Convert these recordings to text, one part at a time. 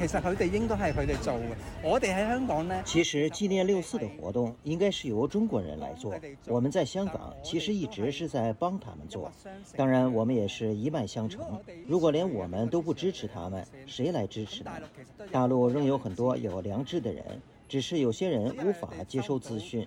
其實佢哋應該係佢哋做嘅，我哋喺香港呢，其實紀念六四的活動應該是由中國人來做，我們在香港其實一直是在幫他們做，當然我們也是一脈相承。如果連我們都不支持他們，誰來支持呢？大陸仍有很多有良知的人，只是有些人無法接收資訊。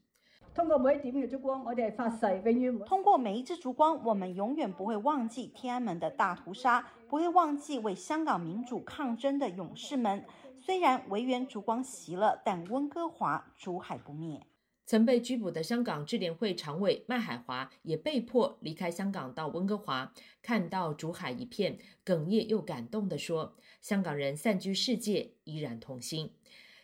通過每一點嘅燭光，我哋係發誓永遠。通過每一支燭光，我們永遠不會忘記天安門的大屠殺，不會忘記為香港民主抗爭的勇士們。雖然維園燭光熄了，但溫哥華燭海不滅。曾被拘捕的香港支聯會常委麥海華也被迫離開香港到溫哥華，看到燭海一片，哽咽又感動的說：香港人散居世界，依然同心。